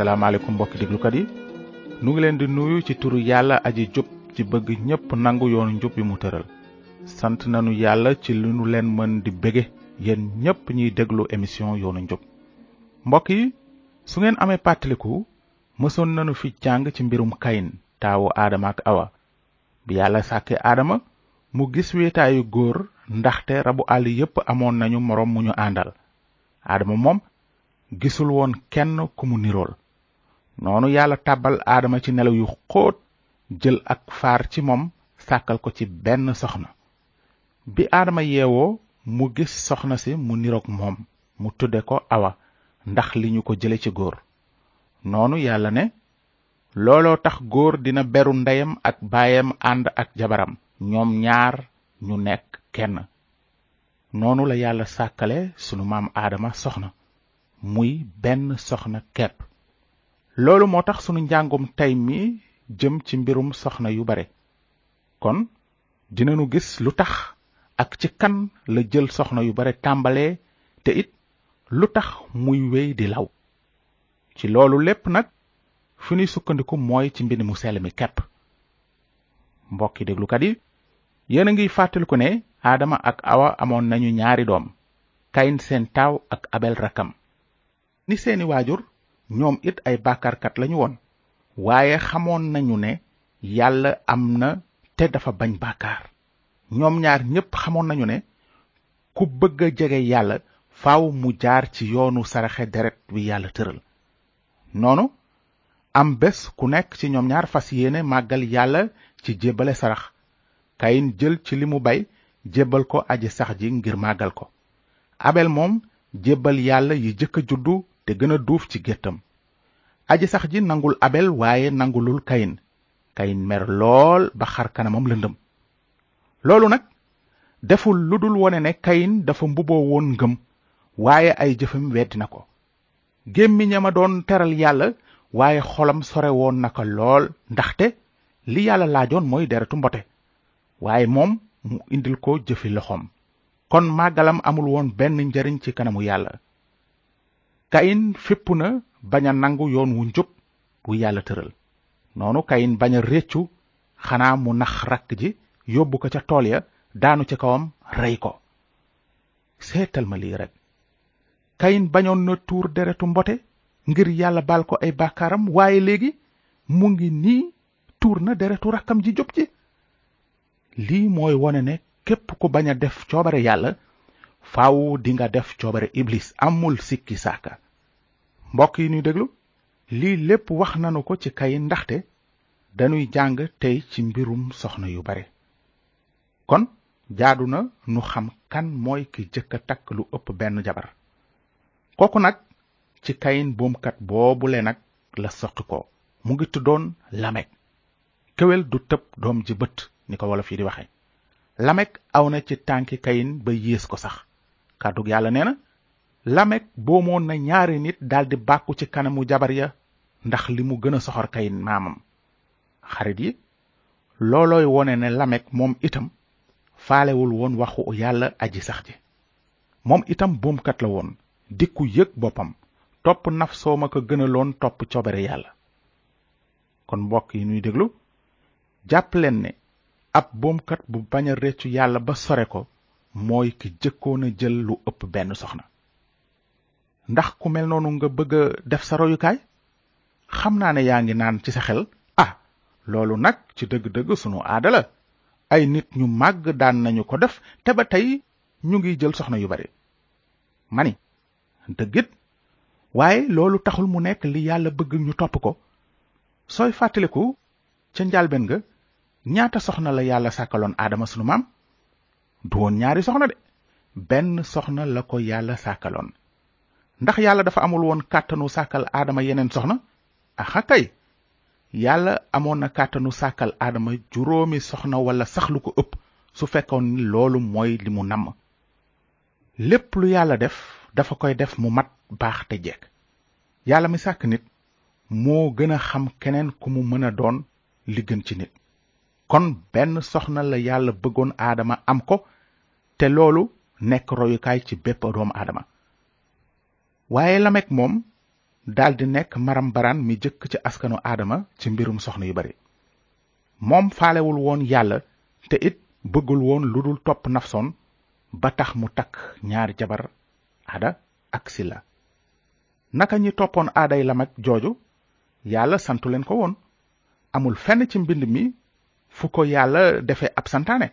salaamaaleykum mbokki déglukat yi nu ngi leen di nuyu ci turu yàlla aji jub ci bëgg ñépp nangu yoonu njub bi mu tëral sant nanu yàlla ci li nu leen mën di bége yéen ñépp ñuy déglu émission yoonu njub mbokk yi su ngeen amee pàttaliku mësoon nanu fi jàng ci mbirum kayin taawu aadama ak awa bi yàlla sàkke aadama mu gis wéetaayu góor ndaxte rabu àll yépp amoon nañu moroom mu ñu àndal aadama moom gisul woon kenn ku mu nirool noonu yàlla tàbbal aadama ci nelaw yu xóot jël ak faar ci moom sàkkal ko ci benn soxna bi aadama yeewoo mu gis soxna si mu niroog moom mu tudde ko awa ndax li ñu ko jële ci góor noonu yàlla ne looloo tax góor dina beru ndeyam ak baayam ànd ak jabaram ñoom ñaar ñu nekk kenn noonu la yàlla sàkkale sunu maam aadama soxna muy benn soxna kepp loolu moo tax sunu njàngum tey mi jëm ci mbirum soxna yu bare kon dinanu gis lu tax ak ci kan la jël soxna yu bare tàmbalee te it lu tax muy wéy di law ci loolu lépp nag fi ñuy sukkandiku mooy ci mbind mu sell mi kepp mbokki déglukat yi yéen a ngi fàttaliku ne aadama ak awa amoon nañu ñaari doom kayin seen taaw ak abel rakkam ni seeni waajur ñoom it ay bàkkaarkat lañu woon waaye xamoon nañu ne yàlla am na te dafa bañ bàkkaar ñoom ñaar ñépp xamoon nañu ne ku bëgg a jege yàlla faw mu jaar ci yoonu saraxe deret wi yàlla tëral noonu am bés ku nekk ci ñoom ñaar fas yéene màggal yàlla ci jébbale sarax kayin jël ci li mu bay jébbal ko aji sax ji ngir màggal ko abel moom jébbal yàlla yi jëkk a juddu te gën a duuf ci géttam aji sax ji nangul abel waaye nangulul kayin kayin mer lool ba xar kanamam lëndëm loolu nag deful lu dul wone ne kayin dafa mbubboo woon ngëm waaye ay jëfam weddi na ko gémmiñam a doon teral yàlla waaye xolam sore woon naka lool ndaxte li yàlla laajoon mooy deretu mbote waaye moom mu indil ko jëfi loxoom kon màggalam amul woon benn njariñ ci kanamu yàlla kayin fépp na bañ a nangu yoon wu njub wu yàlla tëral noonu kayin bañ a réccu xanaa mu nax rakk ji yóbbu ko ca tool ya daanu ci kawam rey ko seetal ma lii rek kayin bañoon na tuur deretu mbote ngir yàlla baal ko ay bàkkaaram waaye léegi mu ngi nii tuur na deretu rakkam ji jub ji lii mooy wone ne képp ku bañ a def coobare yàlla faw dinga def coobare iblis amul sikki saaka mbokk yi nuy déglu lii lépp wax nanu ko ci kayin ndaxte dañuy jàng tey ci mbirum soxna yu bare kon jaadu na nu xam kan mooy ki jëkk takk lu ëpp benn jabar kooku nag ci kayin boomkat boobule nag la soqi ko mu ngi tuddoon lamek kéwél du tëb doom ji bët ni ko wolof yi di waxe lamek aw na ci tànki kayin ba yées ko sax kàddug yàlla nee na lamek boomoon na ñaari nit daldi bàkku ci kanamu jabar ya ndax li mu gën a soxor kayin maamam xarit yi loolooy wone ne lamek moom itam faalewul woon waxu yàlla aji sax ji moom itam boomkat la woon dikku ku yëg boppam topp naf soo ma ko gënaloon topp coobare yàlla kon mbokk yi nuy déglu jàpp leen ne ab boomkat bu bañ a réccu yàlla ba sore ko mooy ki jëkkoon a jël lu ëpp benn soxna ndax ku mel noonu nga bëgg def sa royukaay xam naa ne yaa ngi naan ci sa xel a ah, loolu nag ci dëgg-dëgg sunu aada ay nit ñu màgg daan nañu ko def te ba tey ñu ngi jël soxna yu bari mani dëggit waaye loolu taxul mu nekk li yàlla bëgg ñu topp ko sooy fàttaliku ca njaalbeen ga ñaata soxna la yàlla sàkkaloon aadama sunu maam du woon ñaari soxna de benn soxna la ko yàlla sàkkaloon ndax yàlla dafa amul woon kàttanu sàkkal aadama yeneen soxna axa yàlla amoon na kàttanu sàkkal aadama juróomi soxna wala sax lu ko ëpp su fekkoon ni loolu mooy li mu namm lépp lu yàlla def dafa koy def mu mat baax te jekk yàlla mi sàkk nit moo gën a xam keneen ku mu mën a doon li gën ci nit kon benn soxna la yàlla bëggoon aadama am ko te loolu nekk royukaay ci bépp doomu aadama waaye lamek moom daldi nekk maram baraan mi jëkk ci askanu aadama ci mbirum soxna yu bari moom faalewul woon yàlla te it bëggul woon lu dul topp nafsoon ba tax mu takk ñaari jabar ada ak sila naka ñi toppoon aaday lamak jooju yàlla santu leen ko woon amul fenn ci mbind mi fu ko yàlla defe ab santaane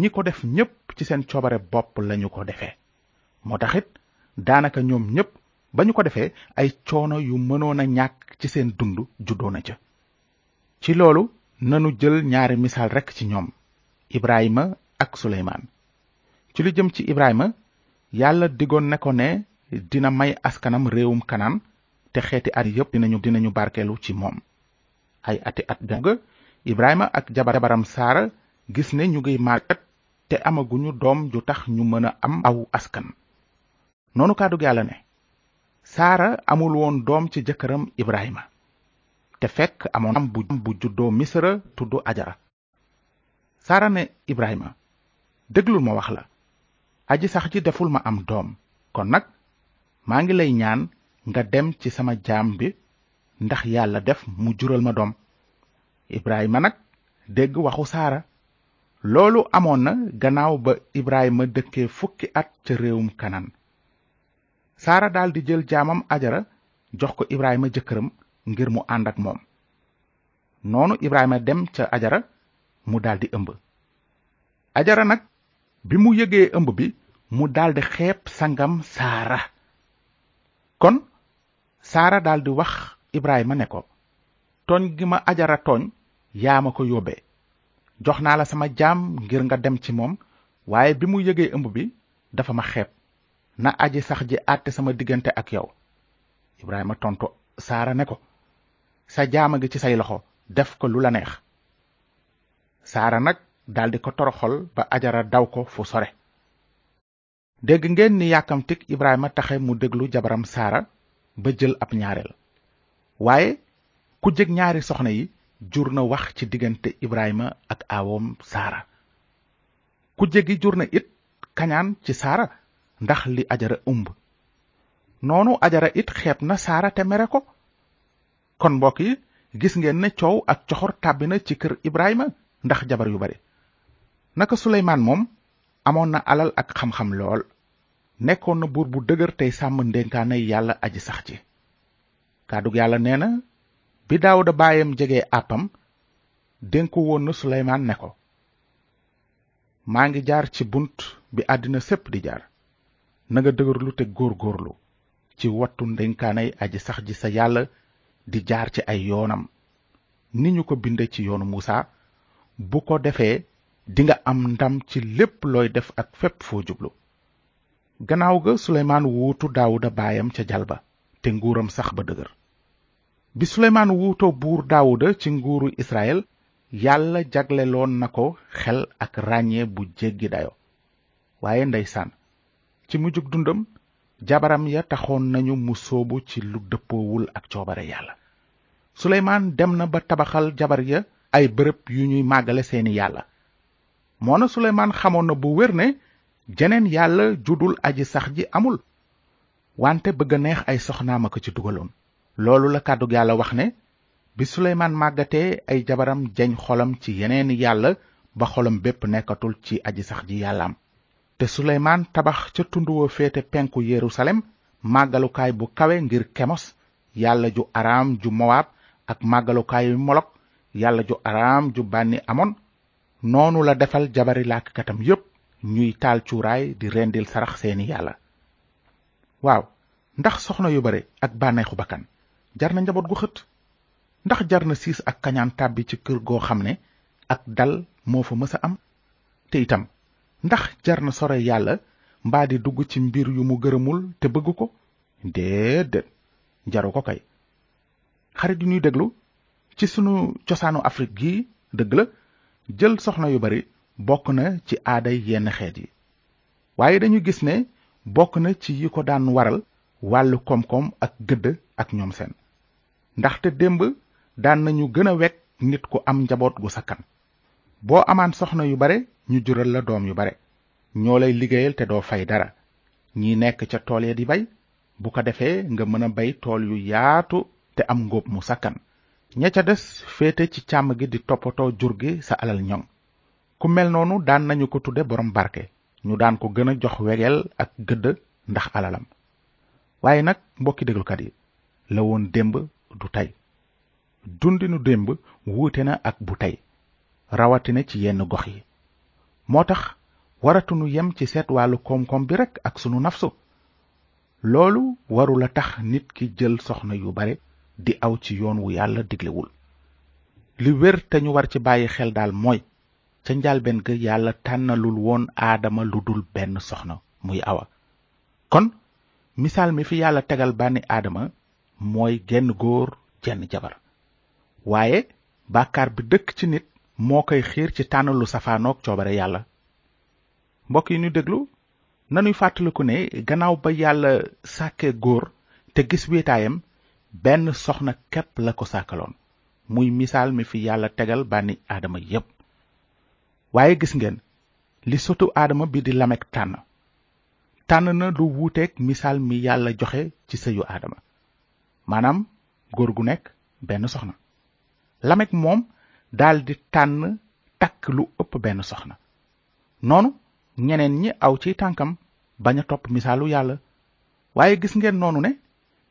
ñi ko def ñépp ci seen coobare bopp lañu ko defee moo taxit daanaka ñoom ñépp ba ñu ko defee ay coono yu mënoon a ñàkk ci seen dund juddoo na ca ci loolu nanu jël ñaari misaal rekk ci ñoom ibrahima ak suleymaan ci lu jëm ci ibrahima yàlla diggoon ne ko ne dina may askanam réewum kanaan te xeeti at yépp dinañu dinañu barkeelu ci moom ay ati at ga ibrahima ak jabaram saara gis ne ñu ngiy màggat te amaguñu doom ju tax ñu mën a am aw askan noonu kàddug yàlla ne saara amul woon doom ci jëkkëram ibrahima te fekk amoon am bu juddoo misra tudd ajara saara ne ibrahima déglul ma wax la aji sax ji deful ma am doom kon nag maa ngi lay ñaan nga dem ci sama jaam bi ndax yàlla def mu jural ma doom ibrahima nag dégg waxu saara loolu amoon na gannaaw ba ibrahima dëkkee fukki at ca réewum kanan saara daldi jël jaamam ajara jox ko ibrahima jëkkëram ngir mu ànd ak moom noonu ibrahima dem ca ajara mu daldi ëmb ajara nag bi mu yëgee ëmb bi mu daldi xeeb sangam saara kon saara daldi wax ibrahima ne ko tooñ gi ma ajara tooñ yaa ko yóbbee jox naa la sama jaam ngir nga dem ci moom waaye bi mu yëgee ëmb bi dafa ma xeeb na aji sax ji àtte sama diggante ak yow ibrahima tontu saara ne ko sa jaama gi ci say loxo def ko lu la neex saara nag daldi ko toroxol ba ajara daw ko fu sore dégg ngeen ni yàkkamtik Ibrahima taxe mu déglu jabaram saara ba jël ab ñaareel waaye ku jég ñaari soxna yi jur na wax ci diggante Ibrahima ak awoom saara ku jégi jur na it kañaan ci saara ndax li ajara ëmb noonu ajara it xeeb na saara te mere ko kon mbokk yi gis ngeen ne coow ak coxor tàbbi na ci kër Ibrahima ndax jabar yu bari naka suleymaan moom amoon na alal ak xam-xam lool nekkoon na buur bu dëgër tey sàmm ndénkaanay yàlla aji sax ci kàddug yàlla nee na bi daawuda baayam jege àppam dénku woon na suleymaan ne ko maa ngi jaar ci bunt bi àddina sépp di jaar nanga nga dëgërlu te góor góorlu ci wattu ndénkaanay aji sax ji sa yàlla di jaar ci ay yoonam ni ñu ko binde ci yoonu Muusa bu ko defee dinga am ndam ci lépp looy def ak fépp foo jublu gannaaw ga suleymaan wuutu daawuda baayam ca jalba te nguuram sax ba dëgër bi suleymaan wuutoo buur daawuda ci nguuru israel yàlla jagleloon na ko xel ak ràññee bu jéggi dayo waaye ndeysaan ci mujjug dundam jabaram ya taxoon nañu mu sóobu ci lu dëppoowul ak coobare yàlla suleymaan dem na ba tabaxal jabar ya ay bërëb yu ñuy màggale seeni yàlla moona suleymaan xamoon na bu wér ne jeneen yàlla ju dul aji sax ji amul wante bëgg a neex ay soxnaama ci dugaloon loolu la kàddug yàlla wax ne bi suleymaan màggatee ay jabaram jeñ xolam ci yeneeni yàlla ba xolam bépp nekkatul ci aji sax ji yàllaam te suleymaan tabax ca tund wa féete penku yerusalem màggalukaay bu kawe ngir kemos yàlla ju araam ju mowaab ak màggalukaayu molok yàlla ju araam ju bànni amoon noonu la defal jabari làkkatam yépp ñuy taal cuuraay di rendil sarax seeni yàlla waaw ndax soxna yu bare ak bànneexu bakkan jar na njaboot gu xët ndax jar na siis ak kañaan tàbbi ci kër goo xam ne ak dal moo fa mës a am te itam ndax jar na sore yàlla mbaa di dugg ci mbir yu mu gërëmul te bëgg ko déedéet jaru ko kay xarit yu ñuy déglu ci sunu cosaanu Afrique gi dëgg la jël soxna yu bari bokk na ci aaday yenn xeet yi waaye dañu gis ne bokk na ci yi ko daan waral wàllu koom-koom ak gëdd ak ñoom seen ndaxte démb daan nañu gën a wekk nit ku am njaboot gu sakkan boo amaan soxna yu bare ñu jural la doom yu bare ñoo lay liggéeyal te doo fay dara ñi nekk ca tool ya di bay bu ko defee nga mën a bay tool yu yaatu te am ngóob mu sakkan ña ca des féete ci càmm gi di toppatoo jur gi sa alal ñoŋ ku mel noonu daan nañu ko tudde borom barke ñu daan ko gën a jox wegeel ak gëdd ndax alalam waaye nag mbokki déglukat yi la woon démb du tey dundinu démb wuute na ak bu tey rawatina ci yenn gox yi moo tax waratuñu yem ci seet wàllu koom-koom bi rekk ak sunu nafsu loolu warula tax nit ki jël soxna yu bare di aw ci yoon wu yàlla diglewul li wér te ñu war ci bàyyi xel daal mooy ca njalbeen ga yàlla tànnalul woon aadama lu dul benn soxna muy awa kon misaal mi fi yàlla tegal bànni aadama mooy genn góor jenn jabar waaye bàkkaar bi dëkk ci nit moo koy xiir ci tànnalu lu coobare yàlla mbokk yi ñu déglu nanuy fàttaliku ne gannaaw ba yàlla sàkke góor te gis wéetaayam benn soxna képp la ko sàkkaloon muy misaal mi fi yàlla tegal bànni aadama yépp waaye gis ngeen li sotu aadama bi di lamek tànn tànn na lu wuuteeg misaal mi yàlla joxe ci sëyu aadama maanaam góor gu nekk benn soxna lamek moom daldi tànn takk lu ëpp benn soxna noonu ñeneen ñi aw ci tànkam bañ a topp misaalu yàlla waaye gis ngeen noonu ne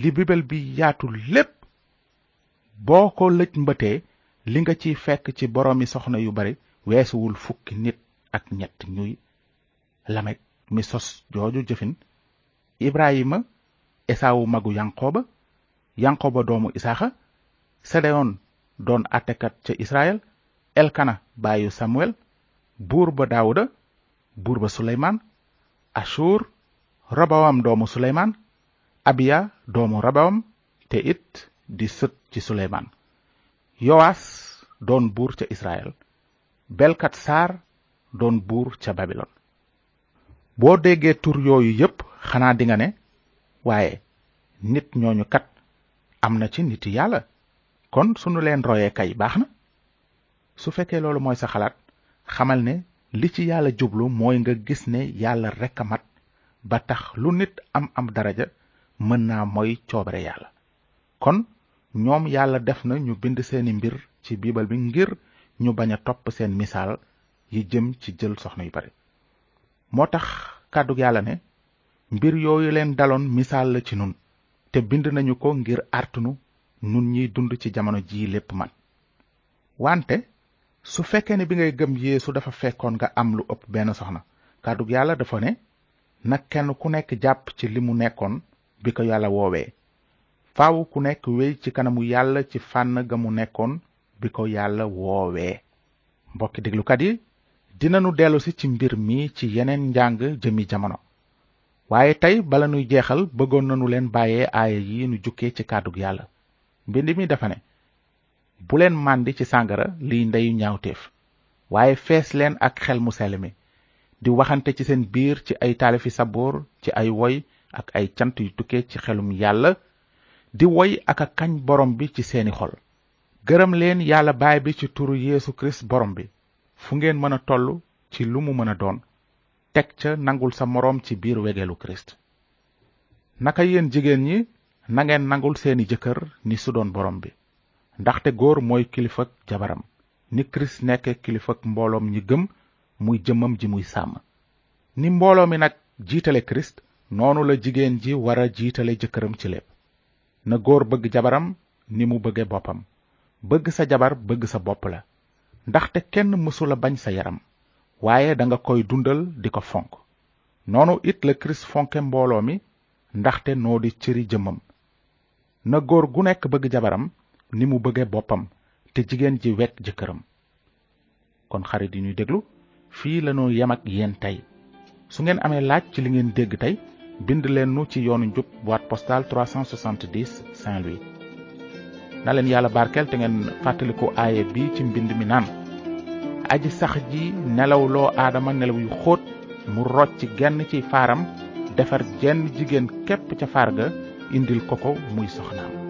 li bibel bi yaatu lépp boo ko lëj mbëtee li nga ciy fekk ci boroomi soxna yu bari weesuwul fukki nit ak ñett ñuy lamek mi sos jooju jëfin ibrahima esaawu magu yanqooba yanqooba doomu isaaxa sedeyoon doon àttekat ca israel elkana baayu samuel buur ba daawuda buur ba suleymaan ashur robowam doomu suleymaan abiya doomu rabawam te it di sët ci suleymaan yowaas doon buur ca israel belkat saar doon buur ca babilon boo déggee tur yooyu yépp xanaa dinga ne waaye nit ñooñukat am na ci niti yàlla kon sunu leen royee kay baax na su fekkee loolu mooy sa xalaat xamal ne li ci yàlla jublu mooy nga gis ne yàlla rekk a mat ba tax lu nit am am daraja mën naa mooy coobare yàlla kon ñoom yàlla def na ñu bind seeni mbir ci biibal bi ngir ñu bañ a topp seen misaal yi jëm ci jël soxna yu bari moo tax kàddug yàlla ne mbir yooyu leen daloon misaal la ci nun te bind nañu ko ngir artunu nun ñiy dund ci jamono jii lépp man wante su fekkee ne bi ngay gëm yéesu dafa fekkoon nga am lu ëpp benn soxna kàddug yàlla dafa ne nag kenn ku nekk jàpp ci li mu nekkoon bi ko yàlla woowee faaw ku nekk wéy ci kanamu yàlla ci fànn ga mu nekkoon bi ko yàlla woowee mbokki déglukat yi dinanu dellusi ci mbir mi ci yeneen njàng jëmmi jamono waaye tey bala nuy jeexal bëggoon nanu leen bàyyee aaya yi nu jukkee ci kàddug yàlla mbind mi dafa ne buleen leen màndi ci sàngara liy ndeyu ñaawteef waaye fees leen ak xel mu sell mi di waxante ci seen biir ci ay taalifi saboor ci ay woy ak ay cant yu tukkee ci xelum yàlla di woy ak a kañ borom bi ci seeni xol gërëm leen yàlla baay bi ci turu yéesu kirist borom bi fu ngeen mën a toll ci lu mu mën a doon teg ca nangul sa moroom ci biir wegelu kirist naka yéen jigéen ñi nangeen nangul seeni jëkkër ni su doon borom bi ndaxte góor mooy kilifa jabaram ni kirist nekke kilifa mbooloom ñi gëm muy jëmmam ji muy sàmm ni mbooloo mi nag jiitale kirist noonu la jigéen ji war a jiitale jëkkëram ci lépp na góor bëgg jabaram ni mu bëgge boppam bëgg sa jabar bëgg sa bopp la ndaxte kenn mësula bañ sa yaram waaye danga koy dundal di ko fonk noonu it la kirist fonke mbooloo mi ndaxte noo di cëri jëmmam na góor gu nekk bëgg jabaram ni mu bëgge boppam te jigéen ji wekk jëkkëram kon xarit yi ñuy déglu fii lañu yem ak yéen tey su ngeen amee laaj ci li ngeen dégg tey bind leen nu ci yoonu njub boîte postale 370 Saint-Louis na leen yàlla barkeel te ngeen fàttaliku aaye bi ci mbind mi naan aji sax ji nelawloo aadama nelaw yu xóot mu rocc genn ci faaram defar jenn jigéen képp ca faar ga indil ko ko muy soxnaam